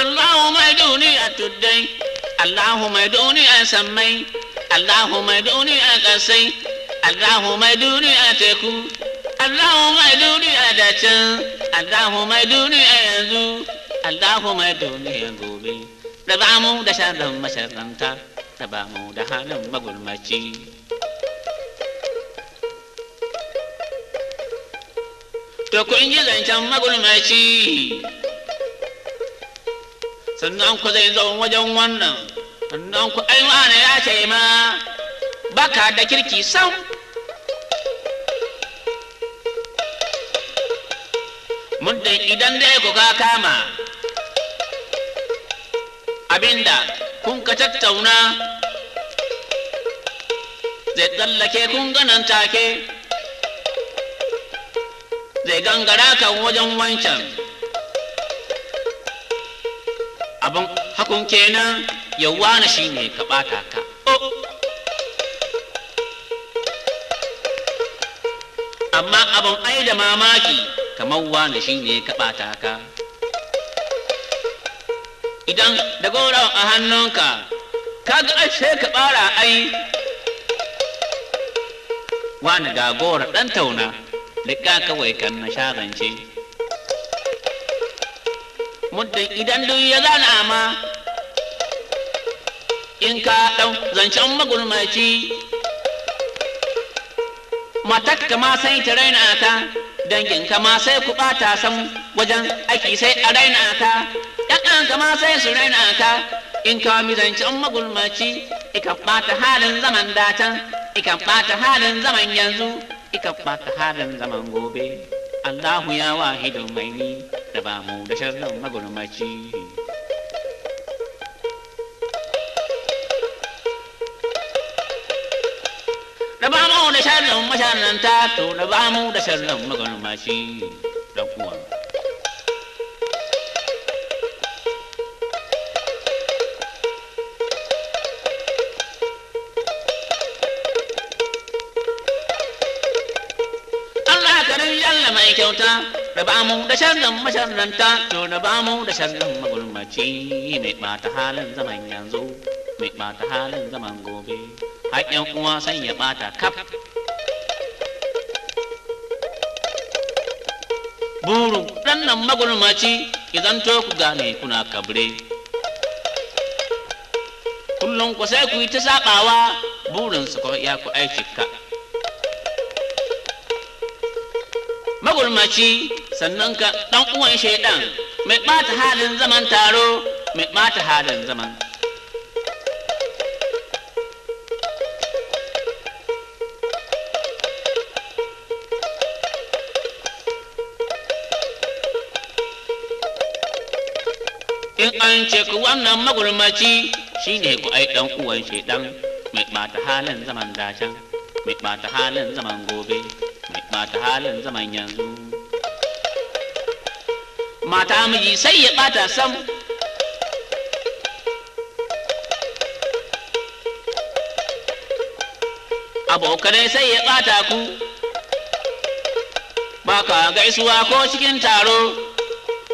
اللهم ادعوني اتدين اللهم ادعوني اسمين اللهم ادعوني اقسين اللهم ادعوني اتكو اللهم ادعوني ادتن اللهم ادعوني ايزو اللهم ادعوني يقولي ربع مو دشر ما شرمتا ربع مو دهان ما قول ماشي to kun ji zancen magulmaci sannan ku zai zo wajen wannan sannan ku ai wani ya ce ma baka da kirki sam muddin idan dai ku ka kama abinda kun ka tattauna zai tsallake kun ganan take zai gangara kan wajen wancan abin hakun kenan shi shine ka ɓata ka oh. amma abin ai da mamaki kamar wani ne ka ɓata ka idan da gora a hannunka kaga ashe ka ɓara ai wani ga gora ɗan tauna liƙa kawai kan na shagance muddin idan duk ya zana ma in ka ɗau zancen magulmaci ka ma sai ta raina ta ka ma sai ku ɓata san wajen aiki sai a raina ta ka ma sai su raina ka in ka zancen magulmaci ikan ɓata halin zaman datan ikan ɓata halin zaman yanzu ikan ɓata halin zaman gobe Allahu ya wahidu mai ni da ba mu da shirin magulmaci da ba mu da shirin masharanta to da ba mu da shirin magulmaci da kuwa Yeah. Da ba mu da sharrin masharranta to da ba mu da sharrin magulmaci mai bata halin zaman yanzu mai bata halin zaman gobe haƙƙin uwa san ya bata kaf buru dan nan magulmaci idan to ku gane kuna kabre kullum ku sai ku yi ta burin su ko ya ku ka magulmaci sannan ka dan uwan shaidan mai ɓata halin zaman taro mai ɓata halin zaman in an ce ku wannan magulmaci shine ku ai dan uwan shaidan mai ɓata halin zaman dajan mai ɓata halin zaman gobe bata halin zaman yanzu mata miji sai ya ɓata sam abokanai sai ya ɓata ku ba ka gaisuwa ko cikin taro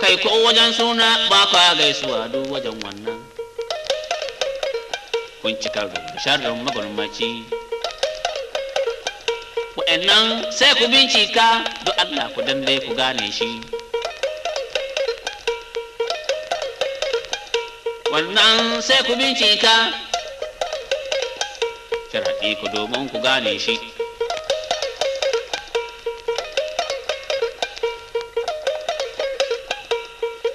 kai ko wajen suna ba ka gaisuwa duk wajen wannan kun cika da sharrin magulmaci wa'annan sai ku bincika don Allah ku dambe ku gane shi wannan sai ku bincika sharaɗi ku domin ku gane shi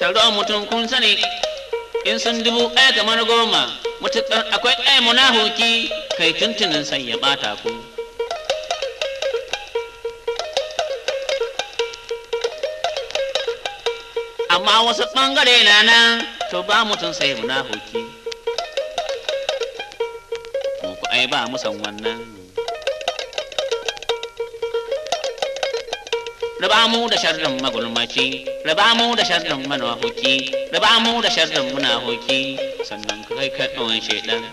taron mutum kun sani in sun dubu ɗaya kamar goma mutuƙar akwai ɗaya munahuki kai tuntunin sanya mataku. ɓata ku amma wasu ɓangare na nan to ba mutum sai na hoki ku ai ba musan wannan raba mu da sharrin magulmaci raba mu da sharrin manahoki raba mu da sharrin hoki sannan ka kai kan uwan shaidan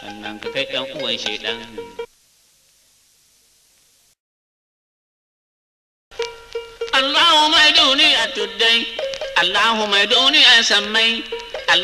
sannan ka kai ɗan uwan shaidan mai duniya tuddai Allahu mai duniya mai.